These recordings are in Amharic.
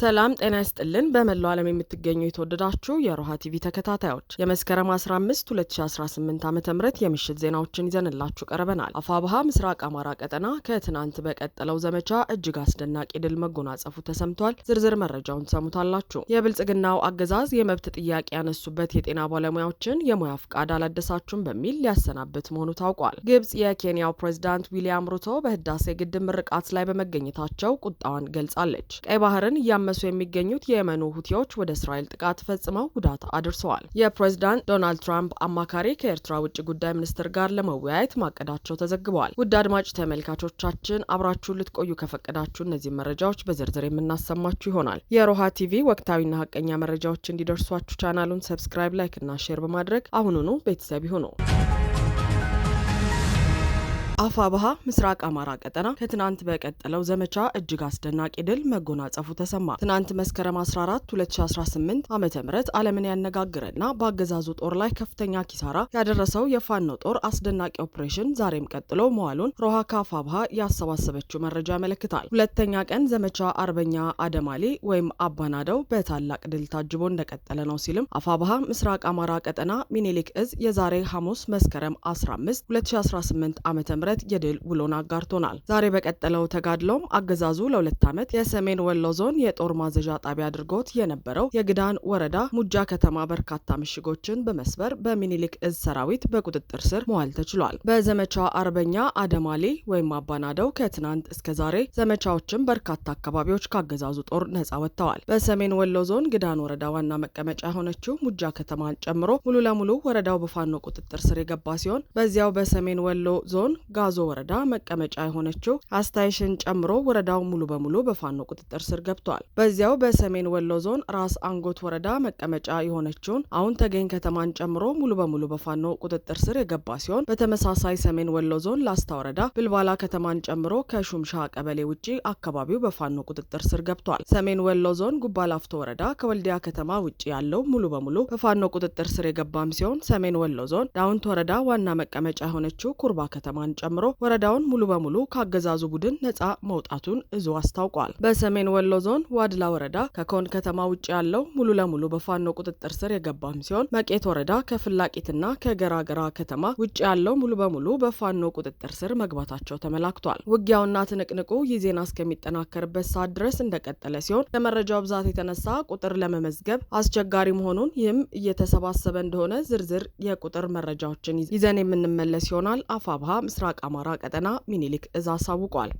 ሰላም ጤና ይስጥልን። በመላው ዓለም የምትገኙ የተወደዳችሁ የሮሃ ቲቪ ተከታታዮች የመስከረም 15 2018 ዓ ም የምሽት ዜናዎችን ይዘንላችሁ ቀርበናል። አፋብሃ ምስራቅ አማራ ቀጠና ከትናንት በቀጠለው ዘመቻ እጅግ አስደናቂ ድል መጎናጸፉ ተሰምቷል። ዝርዝር መረጃውን ሰሙታላችሁ። የብልጽግናው አገዛዝ የመብት ጥያቄ ያነሱበት የጤና ባለሙያዎችን የሙያ ፍቃድ አላደሳችሁም በሚል ሊያሰናብት መሆኑ ታውቋል። ግብጽ የኬንያው ፕሬዚዳንት ዊሊያም ሩቶ በህዳሴ ግድብ ምርቃት ላይ በመገኘታቸው ቁጣዋን ገልጻለች። ቀይ ባህርን እያመ እያደረሱ የሚገኙት የየመኑ ሁቲዎች ወደ እስራኤል ጥቃት ፈጽመው ጉዳት አድርሰዋል። የፕሬዚዳንት ዶናልድ ትራምፕ አማካሪ ከኤርትራ ውጭ ጉዳይ ሚኒስትር ጋር ለመወያየት ማቀዳቸው ተዘግበዋል። ውድ አድማጭ ተመልካቾቻችን አብራችሁን ልትቆዩ ከፈቀዳችሁ እነዚህ መረጃዎች በዝርዝር የምናሰማችሁ ይሆናል። የሮሃ ቲቪ ወቅታዊና ሀቀኛ መረጃዎች እንዲደርሷችሁ ቻናሉን ሰብስክራይብ፣ ላይክ እና ሼር በማድረግ አሁኑኑ ቤተሰብ ይሁኑ። አፋብሃ ምስራቅ አማራ ቀጠና ከትናንት በቀጠለው ዘመቻ እጅግ አስደናቂ ድል መጎናጸፉ ተሰማ። ትናንት መስከረም 14 2018 ዓ ም ዓለምን ያነጋግረና በአገዛዙ ጦር ላይ ከፍተኛ ኪሳራ ያደረሰው የፋኖ ጦር አስደናቂ ኦፕሬሽን ዛሬም ቀጥሎ መዋሉን ሮሃ ከአፋብሃ ያሰባሰበችው መረጃ ያመለክታል። ሁለተኛ ቀን ዘመቻ አርበኛ አደማሊ ወይም አባናደው በታላቅ ድል ታጅቦ እንደቀጠለ ነው ሲልም አፋብሃ ምስራቅ አማራ ቀጠና ሚኒሊክ እዝ የዛሬ ሐሙስ መስከረም 15 2018 ዓ ም ዕለት የድል ውሎን አጋርቶናል። ዛሬ በቀጠለው ተጋድሎም አገዛዙ ለሁለት ዓመት የሰሜን ወሎ ዞን የጦር ማዘዣ ጣቢያ አድርጎት የነበረው የግዳን ወረዳ ሙጃ ከተማ በርካታ ምሽጎችን በመስበር በሚኒሊክ እዝ ሰራዊት በቁጥጥር ስር መዋል ተችሏል። በዘመቻ አርበኛ አደማሌ ወይም አባናደው ከትናንት እስከ ዛሬ ዘመቻዎችን በርካታ አካባቢዎች ካገዛዙ ጦር ነጻ ወጥተዋል። በሰሜን ወሎ ዞን ግዳን ወረዳ ዋና መቀመጫ የሆነችው ሙጃ ከተማን ጨምሮ ሙሉ ለሙሉ ወረዳው በፋኖ ቁጥጥር ስር የገባ ሲሆን በዚያው በሰሜን ወሎ ዞን ጋዞ ወረዳ መቀመጫ የሆነችው አስታይሽን ጨምሮ ወረዳው ሙሉ በሙሉ በፋኖ ቁጥጥር ስር ገብቷል። በዚያው በሰሜን ወሎ ዞን ራስ አንጎት ወረዳ መቀመጫ የሆነችውን አሁን ተገኝ ከተማን ጨምሮ ሙሉ በሙሉ በፋኖ ቁጥጥር ስር የገባ ሲሆን በተመሳሳይ ሰሜን ወሎ ዞን ላስታ ወረዳ ብልባላ ከተማን ጨምሮ ከሹምሻ ቀበሌ ውጪ አካባቢው በፋኖ ቁጥጥር ስር ገብቷል። ሰሜን ወሎ ዞን ጉባላፍቶ ወረዳ ከወልዲያ ከተማ ውጭ ያለው ሙሉ በሙሉ በፋኖ ቁጥጥር ስር የገባም ሲሆን ሰሜን ወሎ ዞን ዳውንት ወረዳ ዋና መቀመጫ የሆነችው ኩርባ ከተማን ጨምሮ ወረዳውን ሙሉ በሙሉ ከአገዛዙ ቡድን ነጻ መውጣቱን እዙ አስታውቋል። በሰሜን ወሎ ዞን ዋድላ ወረዳ ከኮን ከተማ ውጭ ያለው ሙሉ ለሙሉ በፋኖ ቁጥጥር ስር የገባም ሲሆን መቄት ወረዳ ከፍላቂትና ከገራገራ ከተማ ውጭ ያለው ሙሉ በሙሉ በፋኖ ቁጥጥር ስር መግባታቸው ተመላክቷል። ውጊያውና ትንቅንቁ ይህ ዜና እስከሚጠናከርበት ሰዓት ድረስ እንደቀጠለ ሲሆን ለመረጃው ብዛት የተነሳ ቁጥር ለመመዝገብ አስቸጋሪ መሆኑን ይህም እየተሰባሰበ እንደሆነ ዝርዝር የቁጥር መረጃዎችን ይዘን የምንመለስ ይሆናል። አፋብሃ ምስራቅ ምስራቅ አማራ ቀጠና ሚኒሊክ እዝ አሳውቋል።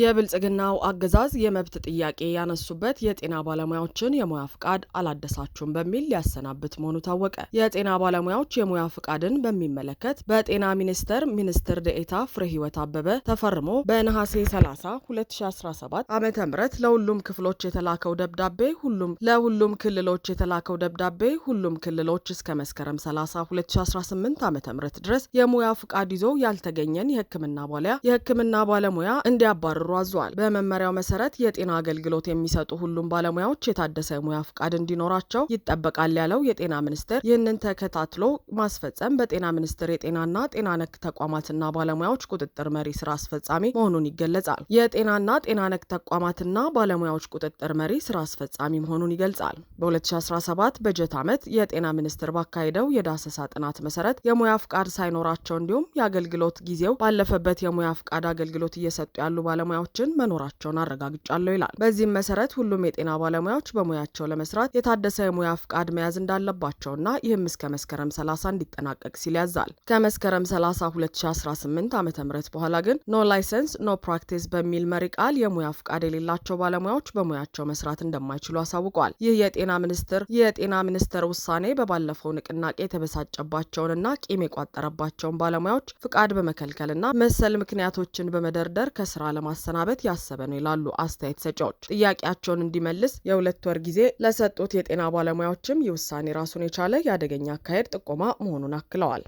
የብልጽግናው አገዛዝ የመብት ጥያቄ ያነሱበት የጤና ባለሙያዎችን የሙያ ፍቃድ አላደሳችሁም በሚል ሊያሰናብት መሆኑ ታወቀ። የጤና ባለሙያዎች የሙያ ፍቃድን በሚመለከት በጤና ሚኒስቴር ሚኒስትር ደኤታ ፍሬ ህይወት አበበ ተፈርሞ በነሐሴ 30 2017 ዓ ም ለሁሉም ክፍሎች የተላከው ደብዳቤ ሁሉም ለሁሉም ክልሎች የተላከው ደብዳቤ ሁሉም ክልሎች እስከ መስከረም 30 2018 ዓ ም ድረስ የሙያ ፍቃድ ይዞ ያልተገኘን የህክምና ባለያ የህክምና ባለሙያ እንዲያባርሩ እንዲያሰሩ አዟል። በመመሪያው መሰረት የጤና አገልግሎት የሚሰጡ ሁሉም ባለሙያዎች የታደሰ ሙያ ፍቃድ እንዲኖራቸው ይጠበቃል ያለው የጤና ሚኒስቴር ይህንን ተከታትሎ ማስፈጸም በጤና ሚኒስቴር የጤናና ጤና ነክ ተቋማትና ባለሙያዎች ቁጥጥር መሪ ስራ አስፈጻሚ መሆኑን ይገለጻል። የጤናና ጤና ነክ ተቋማትና ባለሙያዎች ቁጥጥር መሪ ስራ አስፈጻሚ መሆኑን ይገልጻል። በ2017 በጀት ዓመት የጤና ሚኒስቴር ባካሄደው የዳሰሳ ጥናት መሰረት የሙያ ፍቃድ ሳይኖራቸው እንዲሁም የአገልግሎት ጊዜው ባለፈበት የሙያ ፍቃድ አገልግሎት እየሰጡ ያሉ ባለሙያ ባለሙያዎችን መኖራቸውን አረጋግጫለሁ ይላል። በዚህም መሰረት ሁሉም የጤና ባለሙያዎች በሙያቸው ለመስራት የታደሰ የሙያ ፍቃድ መያዝ እንዳለባቸውና ይህም እስከ መስከረም 30 እንዲጠናቀቅ ሲል ያዛል። ከመስከረም 30 2018 ዓ ም በኋላ ግን ኖ ላይሰንስ ኖ ፕራክቲስ በሚል መሪ ቃል የሙያ ፍቃድ የሌላቸው ባለሙያዎች በሙያቸው መስራት እንደማይችሉ አሳውቋል። ይህ የጤና ሚኒስትር የጤና ሚኒስቴር ውሳኔ በባለፈው ንቅናቄ የተበሳጨባቸውንና ቂም የቋጠረባቸውን ባለሙያዎች ፍቃድ በመከልከልና መሰል ምክንያቶችን በመደርደር ከስራ ለማሰ ለማሰናበት ያሰበ ነው ይላሉ አስተያየት ሰጫዎች። ጥያቄያቸውን እንዲመልስ የሁለት ወር ጊዜ ለሰጡት የጤና ባለሙያዎችም ይህ ውሳኔ ራሱን የቻለ የአደገኛ አካሄድ ጥቆማ መሆኑን አክለዋል።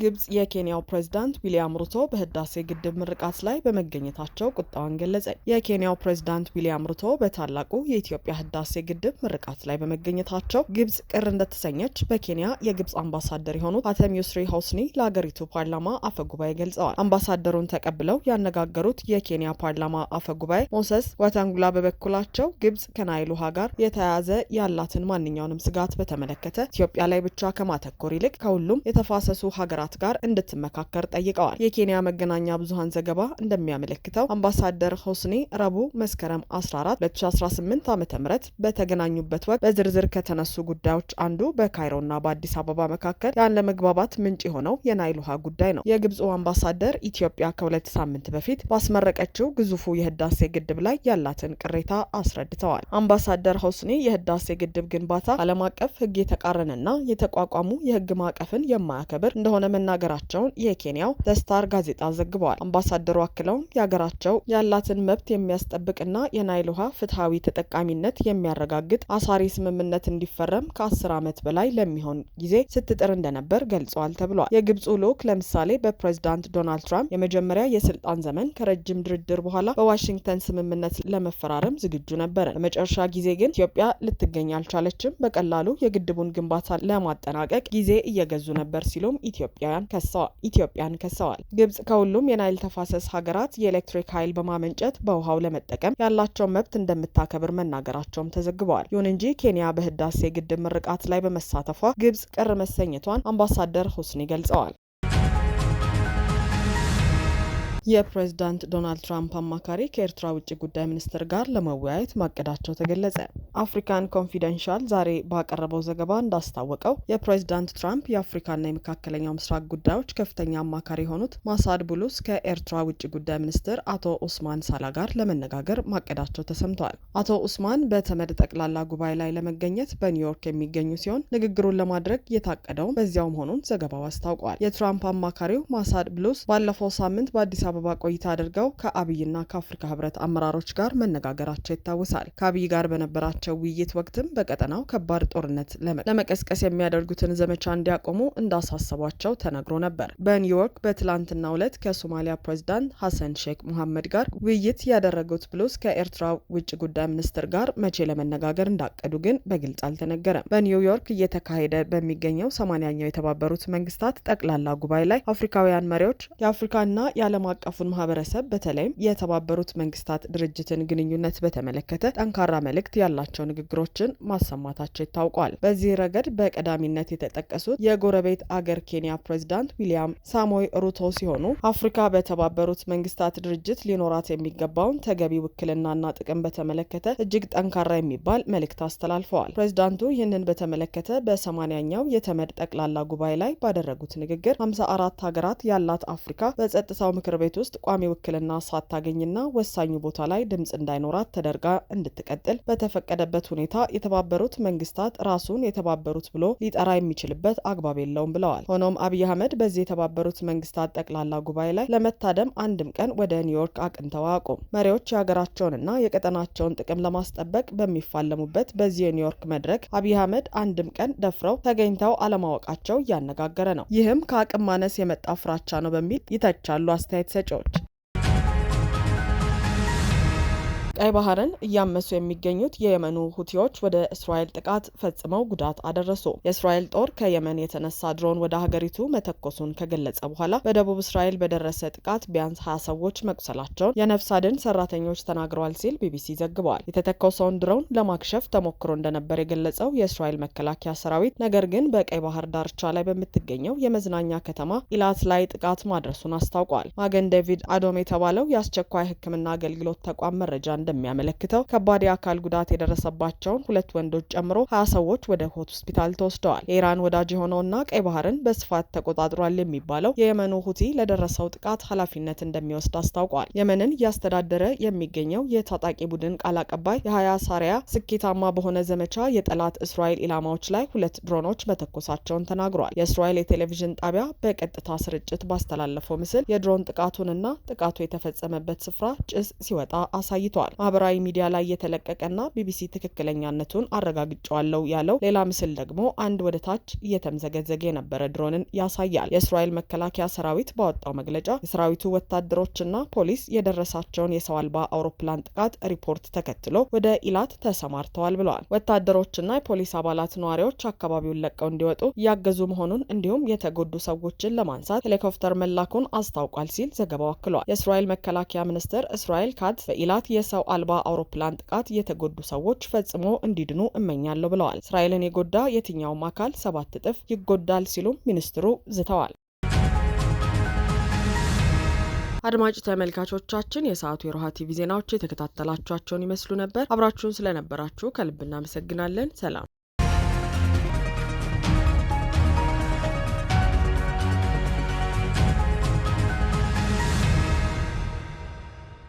ግብጽ የኬንያው ፕሬዝዳንት ዊሊያም ሩቶ በህዳሴ ግድብ ምርቃት ላይ በመገኘታቸው ቁጣዋን ገለጸ። የኬንያው ፕሬዝዳንት ዊሊያም ሩቶ በታላቁ የኢትዮጵያ ህዳሴ ግድብ ምርቃት ላይ በመገኘታቸው ግብጽ ቅር እንደተሰኘች በኬንያ የግብጽ አምባሳደር የሆኑት ሀተም ዩስሪ ሆስኒ ለሀገሪቱ ፓርላማ አፈ ጉባኤ ገልጸዋል። አምባሳደሩን ተቀብለው ያነጋገሩት የኬንያ ፓርላማ አፈ ጉባኤ ሞሰስ ወተንጉላ በበኩላቸው ግብጽ ከናይል ውሃ ጋር የተያያዘ ያላትን ማንኛውንም ስጋት በተመለከተ ኢትዮጵያ ላይ ብቻ ከማተኮር ይልቅ ከሁሉም የተፋሰሱ ሀገራት ሀገራት ጋር እንድትመካከር ጠይቀዋል። የኬንያ መገናኛ ብዙሀን ዘገባ እንደሚያመለክተው አምባሳደር ሆስኒ ረቡዕ መስከረም 14 2018 ዓ ም በተገናኙበት ወቅት በዝርዝር ከተነሱ ጉዳዮች አንዱ በካይሮና በአዲስ አበባ መካከል ያለመግባባት ምንጭ የሆነው የናይል ውሃ ጉዳይ ነው። የግብፁ አምባሳደር ኢትዮጵያ ከሁለት ሳምንት በፊት ባስመረቀችው ግዙፉ የህዳሴ ግድብ ላይ ያላትን ቅሬታ አስረድተዋል። አምባሳደር ሆስኒ የህዳሴ ግድብ ግንባታ ዓለም አቀፍ ህግ የተቃረነና የተቋቋሙ የህግ ማዕቀፍን የማያከብር እንደሆነ መናገራቸውን የኬንያው ደስታር ጋዜጣ ዘግበዋል። አምባሳደሩ አክለውም የሀገራቸው ያላትን መብት የሚያስጠብቅና የናይል ውሃ ፍትሐዊ ተጠቃሚነት የሚያረጋግጥ አሳሪ ስምምነት እንዲፈረም ከአስር ዓመት በላይ ለሚሆን ጊዜ ስትጥር እንደነበር ገልጸዋል ተብሏል። የግብፁ ልዑክ ለምሳሌ በፕሬዚዳንት ዶናልድ ትራምፕ የመጀመሪያ የስልጣን ዘመን ከረጅም ድርድር በኋላ በዋሽንግተን ስምምነት ለመፈራረም ዝግጁ ነበረ። በመጨረሻ ጊዜ ግን ኢትዮጵያ ልትገኝ አልቻለችም። በቀላሉ የግድቡን ግንባታ ለማጠናቀቅ ጊዜ እየገዙ ነበር ሲሉም ኢትዮጵያ ኢትዮጵያውያን ከሰዋል ኢትዮጵያን ከሰዋል። ግብጽ ከሁሉም የናይል ተፋሰስ ሀገራት የኤሌክትሪክ ኃይል በማመንጨት በውሃው ለመጠቀም ያላቸውን መብት እንደምታከብር መናገራቸውም ተዘግበዋል። ይሁን እንጂ ኬንያ በህዳሴ ግድብ ምርቃት ላይ በመሳተፏ ግብጽ ቅር መሰኘቷን አምባሳደር ሁስኒ ገልጸዋል። የፕሬዝዳንት ዶናልድ ትራምፕ አማካሪ ከኤርትራ ውጭ ጉዳይ ሚኒስትር ጋር ለመወያየት ማቀዳቸው ተገለጸ። አፍሪካን ኮንፊደንሻል ዛሬ ባቀረበው ዘገባ እንዳስታወቀው የፕሬዝዳንት ትራምፕ የአፍሪካና የመካከለኛው ምስራቅ ጉዳዮች ከፍተኛ አማካሪ የሆኑት ማሳድ ቡሉስ ከኤርትራ ውጭ ጉዳይ ሚኒስትር አቶ ኡስማን ሳላ ጋር ለመነጋገር ማቀዳቸው ተሰምተዋል። አቶ ኡስማን በተመድ ጠቅላላ ጉባኤ ላይ ለመገኘት በኒውዮርክ የሚገኙ ሲሆን ንግግሩን ለማድረግ የታቀደውም በዚያው መሆኑን ዘገባው አስታውቋል። የትራምፕ አማካሪው ማሳድ ብሉስ ባለፈው ሳምንት በአዲስ አበባ ቆይታ አድርገው ከአብይና ከአፍሪካ ህብረት አመራሮች ጋር መነጋገራቸው ይታወሳል። ከአብይ ጋር በነበራቸው ውይይት ወቅትም በቀጠናው ከባድ ጦርነት ለመቀስቀስ የሚያደርጉትን ዘመቻ እንዲያቆሙ እንዳሳሰቧቸው ተነግሮ ነበር። በኒውዮርክ በትላንትናው ዕለት ከሶማሊያ ፕሬዚዳንት ሐሰን ሼክ መሐመድ ጋር ውይይት ያደረጉት ብሉስ ከኤርትራ ውጭ ጉዳይ ሚኒስትር ጋር መቼ ለመነጋገር እንዳቀዱ ግን በግልጽ አልተነገረም። በኒውዮርክ እየተካሄደ በሚገኘው ሰማንያኛው የተባበሩት መንግስታት ጠቅላላ ጉባኤ ላይ አፍሪካውያን መሪዎች የአፍሪካና የዓለም አቀፉን ማህበረሰብ በተለይም የተባበሩት መንግስታት ድርጅትን ግንኙነት በተመለከተ ጠንካራ መልእክት ያላቸው ንግግሮችን ማሰማታቸው ይታውቋል። በዚህ ረገድ በቀዳሚነት የተጠቀሱት የጎረቤት አገር ኬንያ ፕሬዚዳንት ዊሊያም ሳሞይ ሩቶ ሲሆኑ አፍሪካ በተባበሩት መንግስታት ድርጅት ሊኖራት የሚገባውን ተገቢ ውክልናና ጥቅም በተመለከተ እጅግ ጠንካራ የሚባል መልእክት አስተላልፈዋል። ፕሬዚዳንቱ ይህንን በተመለከተ በሰማንያኛው የተመድ ጠቅላላ ጉባኤ ላይ ባደረጉት ንግግር 54 ሀገራት ያላት አፍሪካ በጸጥታው ምክር ቤት ቤት ውስጥ ቋሚ ውክልና ሳታገኝና ወሳኙ ቦታ ላይ ድምፅ እንዳይኖራት ተደርጋ እንድትቀጥል በተፈቀደበት ሁኔታ የተባበሩት መንግስታት ራሱን የተባበሩት ብሎ ሊጠራ የሚችልበት አግባብ የለውም ብለዋል። ሆኖም አብይ አህመድ በዚህ የተባበሩት መንግስታት ጠቅላላ ጉባኤ ላይ ለመታደም አንድም ቀን ወደ ኒውዮርክ አቅንተው አያውቁም። መሪዎች የሀገራቸውንና የቀጠናቸውን ጥቅም ለማስጠበቅ በሚፋለሙበት በዚህ የኒውዮርክ መድረክ አብይ አህመድ አንድም ቀን ደፍረው ተገኝተው አለማወቃቸው እያነጋገረ ነው። ይህም ከአቅም ማነስ የመጣ ፍራቻ ነው በሚል ይተቻሉ አስተያየት ተጫዋች ቀይ ባህርን እያመሱ የሚገኙት የየመኑ ሁቲዎች ወደ እስራኤል ጥቃት ፈጽመው ጉዳት አደረሱ። የእስራኤል ጦር ከየመን የተነሳ ድሮን ወደ ሀገሪቱ መተኮሱን ከገለጸ በኋላ በደቡብ እስራኤል በደረሰ ጥቃት ቢያንስ ሀያ ሰዎች መቁሰላቸውን የነፍስ አድን ሰራተኞች ተናግረዋል ሲል ቢቢሲ ዘግበዋል። የተተኮሰውን ድሮን ለማክሸፍ ተሞክሮ እንደነበር የገለጸው የእስራኤል መከላከያ ሰራዊት ነገር ግን በቀይ ባህር ዳርቻ ላይ በምትገኘው የመዝናኛ ከተማ ኢላት ላይ ጥቃት ማድረሱን አስታውቋል። ማገን ዴቪድ አዶም የተባለው የአስቸኳይ ሕክምና አገልግሎት ተቋም መረጃ እንደ እንደሚያመለክተው ከባድ የአካል ጉዳት የደረሰባቸውን ሁለት ወንዶች ጨምሮ ሀያ ሰዎች ወደ ሆስፒታል ተወስደዋል። የኢራን ወዳጅ የሆነውና ቀይ ባህርን በስፋት ተቆጣጥሯል የሚባለው የየመኑ ሁቲ ለደረሰው ጥቃት ኃላፊነት እንደሚወስድ አስታውቋል። የመንን እያስተዳደረ የሚገኘው የታጣቂ ቡድን ቃል አቀባይ የሀያ ሳሪያ ስኬታማ በሆነ ዘመቻ የጠላት እስራኤል ኢላማዎች ላይ ሁለት ድሮኖች መተኮሳቸውን ተናግሯል። የእስራኤል የቴሌቪዥን ጣቢያ በቀጥታ ስርጭት ባስተላለፈው ምስል የድሮን ጥቃቱንና ጥቃቱ የተፈጸመበት ስፍራ ጭስ ሲወጣ አሳይቷል። ማህበራዊ ሚዲያ ላይ የተለቀቀና ቢቢሲ ትክክለኛነቱን አረጋግጫዋለሁ ያለው ሌላ ምስል ደግሞ አንድ ወደ ታች እየተምዘገዘገ የነበረ ድሮንን ያሳያል። የእስራኤል መከላከያ ሰራዊት ባወጣው መግለጫ የሰራዊቱ ወታደሮችና ፖሊስ የደረሳቸውን የሰው አልባ አውሮፕላን ጥቃት ሪፖርት ተከትሎ ወደ ኢላት ተሰማርተዋል ብለዋል። ወታደሮችና የፖሊስ አባላት ነዋሪዎች አካባቢውን ለቀው እንዲወጡ እያገዙ መሆኑን እንዲሁም የተጎዱ ሰዎችን ለማንሳት ሄሊኮፕተር መላኩን አስታውቋል ሲል ዘገባው አክሏል። የእስራኤል መከላከያ ሚኒስትር እስራኤል ካት በኢላት የሰው አልባ አውሮፕላን ጥቃት የተጎዱ ሰዎች ፈጽሞ እንዲድኑ እመኛለሁ ብለዋል። እስራኤልን የጎዳ የትኛውም አካል ሰባት እጥፍ ይጎዳል ሲሉም ሚኒስትሩ ዝተዋል። አድማጭ ተመልካቾቻችን የሰዓቱ የሮሃ ቲቪ ዜናዎች የተከታተላችኋቸውን ይመስሉ ነበር። አብራችሁን ስለነበራችሁ ከልብ እናመሰግናለን። ሰላም